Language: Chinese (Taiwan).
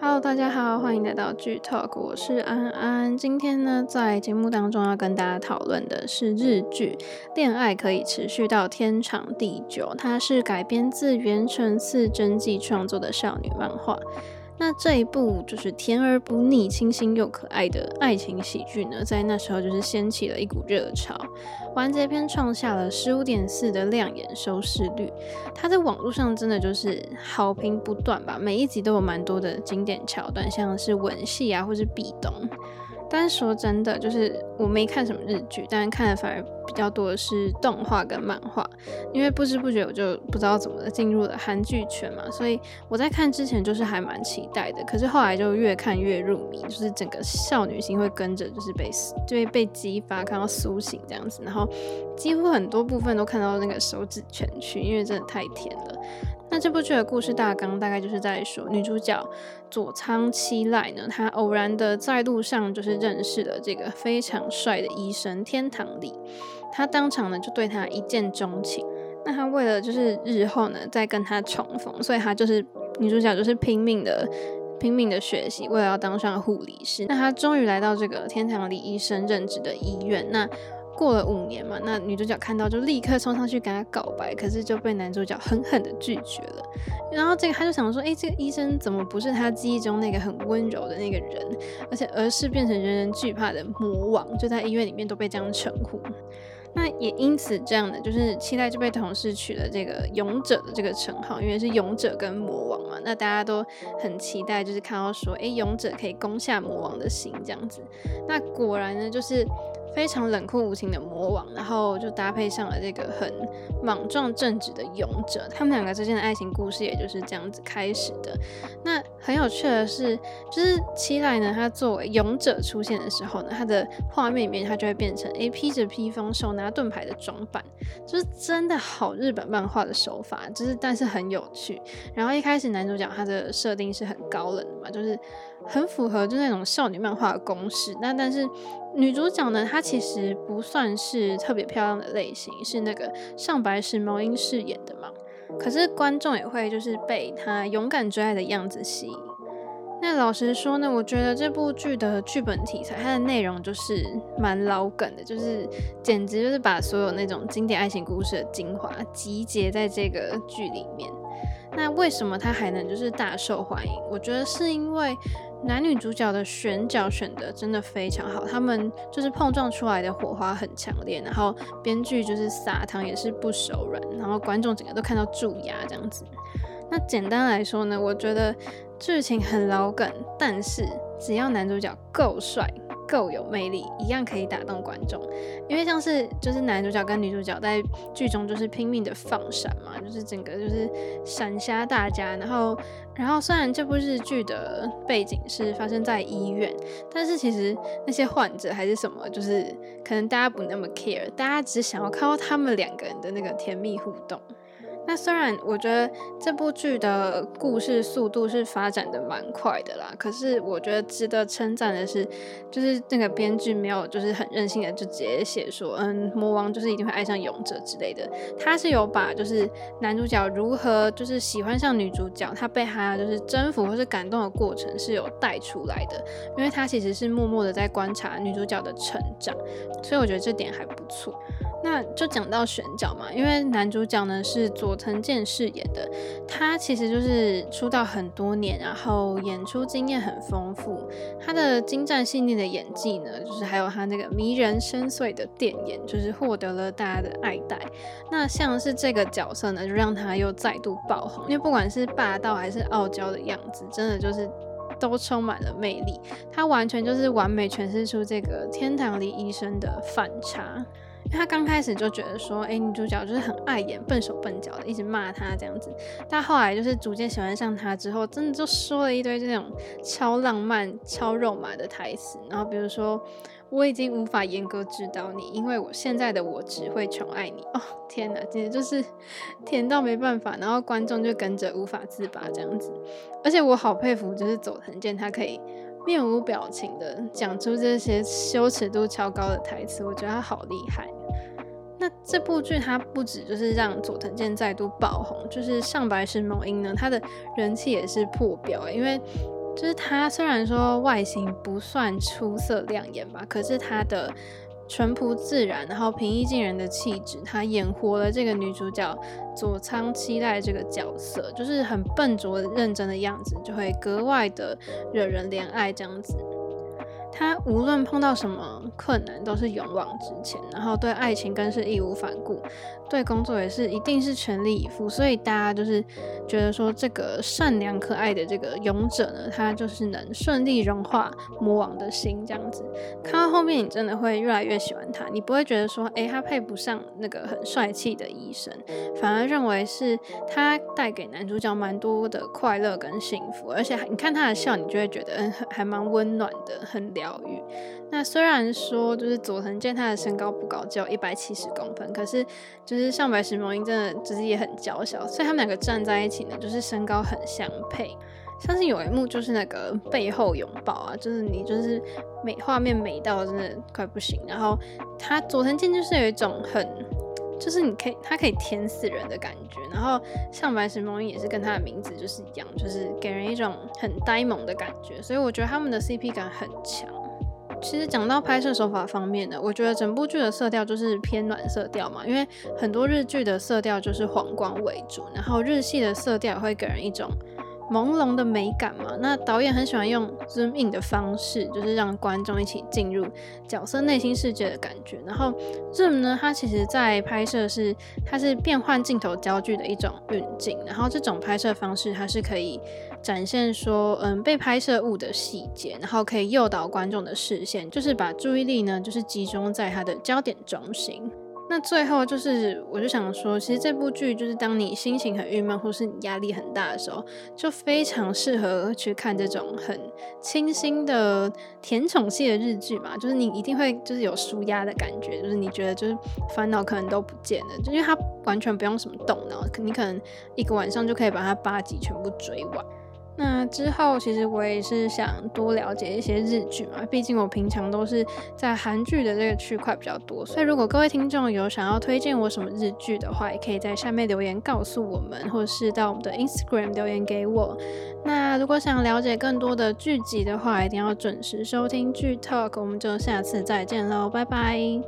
Hello，大家好，歡迎來到劇 Talk，我是安安。今天呢，在節目當中要跟大家討論的是日劇《戀愛可以持續到天長地久》，它是改編自圓城寺真紀創作的少女漫畫。那這一部就是甜而不膩、清新又可愛的愛情喜劇呢，在那時候就是掀起了一股熱潮，完結篇創下了十五點四的亮眼收視率，它在網絡上真的就是好評不斷吧，每一集都有蠻多的經典橋段，像是吻戲啊，或是壁咚。但是說真的，就是我沒看什麼日劇，但是看的反而比較多的是動畫跟漫畫，因為不知不覺我就不知道怎麼進入了韓劇圈嘛，所以我在看之前就是還蠻期待的，可是後來就越看越入迷，就是整個少女心會跟着就是被就會被激發，看到甦醒這樣子，然後幾乎很多部分都看到那個手指蜷曲，因為真的太甜了。那這部劇的故事大綱大概就是在說，女主角佐倉七瀨呢，她偶然的在路上就是認識了這個非常帥的醫生天堂里，她當場呢就對他一見鍾情。那她為了就是日後呢再跟他重逢，所以她就是女主角就是拼命的拼命的學習，為了要當上護理師。那她終於來到這個天堂里醫生任職的醫院，那。過了五年嘛，那女主角看到就立刻衝上去跟他告白，可是就被男主角狠狠的拒絕了。然後這個他就想說，誒，這個醫生怎麼不是他記憶中那個很溫柔的那個人，而且而是變成人人懼怕的魔王，就在醫院裡面都被這樣稱呼。那也因此這樣的，就是期待就被同事取了這個勇者的這個稱號，因為是勇者跟魔王嘛，那大家都很期待，就是看到說，誒，勇者可以攻下魔王的心這樣子。那果然呢，就是。非常冷酷無情的魔王，然後就搭配上了這個很莽撞正直的勇者，他們兩個之間的愛情故事也就是這樣子開始的。那很有趣的是，就是七瀨呢，他作為勇者出現的時候呢，他的畫面裡面他就會變成誒、欸，披着披風、手拿盾牌的裝扮。就是真的好，日本漫畫的手法就是，但是很有趣。然後一開始男主角他的設定是很高冷的嘛，就是很符合就那種少女漫畫的公式。那但是女主角呢，她其實不算是特別漂亮的類型，是那個上白石萌音飾演的嘛。可是觀眾也會就是被她勇敢追愛的樣子吸引。那老實說呢，我覺得這部劇的劇本題材，它的內容就是蠻老梗的，就是簡直就是把所有那種經典愛情故事的精華集結在這個劇裡面。那為什麼它還能就是大受歡迎？我覺得是因為男女主角的選角選得真的非常好，他們就是碰撞出來的火花很強烈，然後編劇就是撒糖也是不手軟，然後觀眾整個都看到蛀牙這樣子。那簡單來說呢，我覺得劇情很老梗，但是只要男主角夠帥、夠有魅力，一樣可以打動觀眾。因為像是就是男主角跟女主角在劇中就是拼命的放閃嘛，就是整個就是閃瞎大家。然後，然後雖然這部日劇的背景是發生在醫院，但是其實那些患者還是什麼，就是可能大家不那麼 care，大家只想要看到他們兩個人的那個甜蜜互動。那雖然我覺得這部劇的故事速度是發展的蠻快的啦，可是我覺得值得稱讚的是，就是那個編劇沒有就是很任性的就直接寫說，嗯，魔王就是一定會愛上勇者之類的，他是有把就是男主角如何就是喜歡上女主角，他被她就是征服或是感動的過程是有帶出來的，因為他其實是默默的在觀察女主角的成長，所以我覺得這點還不錯。那就講到選角嘛，因為男主角呢是佐藤健飾演的，他其實就是出道很多年，然後演出經驗很豐富，他的精湛細膩的演技呢，就是還有他那個迷人深邃的電眼，就是獲得了大家的愛戴。那像是這個角色呢，就讓他又再度爆紅，因為不管是霸道還是傲嬌的樣子，真的就是都充滿了魅力，他完全就是完美詮釋出這個天堂浬醫生的反差。因為他剛開始就覺得說，誒、欸、女主角就是很礙眼，笨手笨腳的，一直罵他這樣子。但後來就是逐漸喜歡上他之後，真的就說了一堆這種超浪漫、超肉麻的台詞。然後比如說，我已經無法嚴格指導你，因為我現在的我只會寵愛你。哦天哪，簡直就是甜到沒辦法。然後觀眾就跟着無法自拔這樣子。而且我好佩服，就是佐藤健他可以。面無表情的講出這些羞恥度超高的台詞，我覺得他好厲害。那這部劇他不止就是讓佐藤健再度爆紅，就是上白石萌音呢，他的人氣也是破表、欸。因為就是他雖然說外形不算出色亮眼吧，可是他的。淳樸自然，然後平易近人的氣質，她演活了這個女主角佐倉七瀨這個角色，就是很笨拙的、認真的樣子，就會格外的惹人憐愛這樣子。他無論碰到什麼困難都是勇往直前，然後對愛情更是義無反顧，對工作也是一定是全力以赴。所以大家就是覺得說這個善良可愛的這個勇者呢，他就是能順利融化魔王的心，這樣子。看到後面你真的會越來越喜歡他，你不會覺得說哎他配不上那個很帥氣的醫生，反而認為是他帶給男主角蠻多的快樂跟幸福，而且你看他的笑，你就會覺得嗯還蠻溫暖的，很撩。教育。那雖然說就是佐藤健他的身高不高，只有一百七十公分，可是就是上白石萌音真的就是也很嬌小，所以他們兩個站在一起呢，就是身高很相配。像是有一幕就是那個背後擁抱啊，就是你就是美，畫面美到真的快不行。然後他佐藤健就是有一種很。就是你可以，它可以甜死人的感覺。然後上白石萌音也是跟它的名字就是一樣，就是給人一種很呆萌的感覺。所以我覺得他們的 CP 感很強。其實講到拍攝手法方面的，我覺得整部劇的色調就是偏暖色調嘛，因為很多日劇的色調就是黃光為主，然後日系的色調會給人一種。朦朧的美感嘛，那導演很喜歡用 zoom in 的方式，就是讓觀眾一起進入角色內心世界的感覺。然後 zoom 呢，它其實在拍攝是，它是變換鏡頭焦距的一種運鏡，然後這種拍攝方式它是可以展現說，嗯，被拍攝物的細節，然後可以誘導觀眾的視線，就是把注意力呢，就是集中在它的焦點中心。那最後就是，我就想說，其實這部劇就是當你心情很鬱悶或是你壓力很大的時候，就非常適合去看這種很清新的甜寵系的日劇吧。就是你一定會就是有舒壓的感覺，就是你覺得就是煩惱可能都不見了，就因為它完全不用什麼動腦，你可能一個晚上就可以把它八集全部追完。那之後，其實我也是想多了解一些日劇嘛，畢竟我平常都是在韓劇的這個區塊比較多。所以如果各位聽眾有想要推薦我什麼日劇的話，也可以在下面留言告訴我們，或是到我們的 Instagram 留言給我。那如果想了解更多的劇集的話，一定要準時收聽劇 Talk，我們就下次再見嘍，拜拜。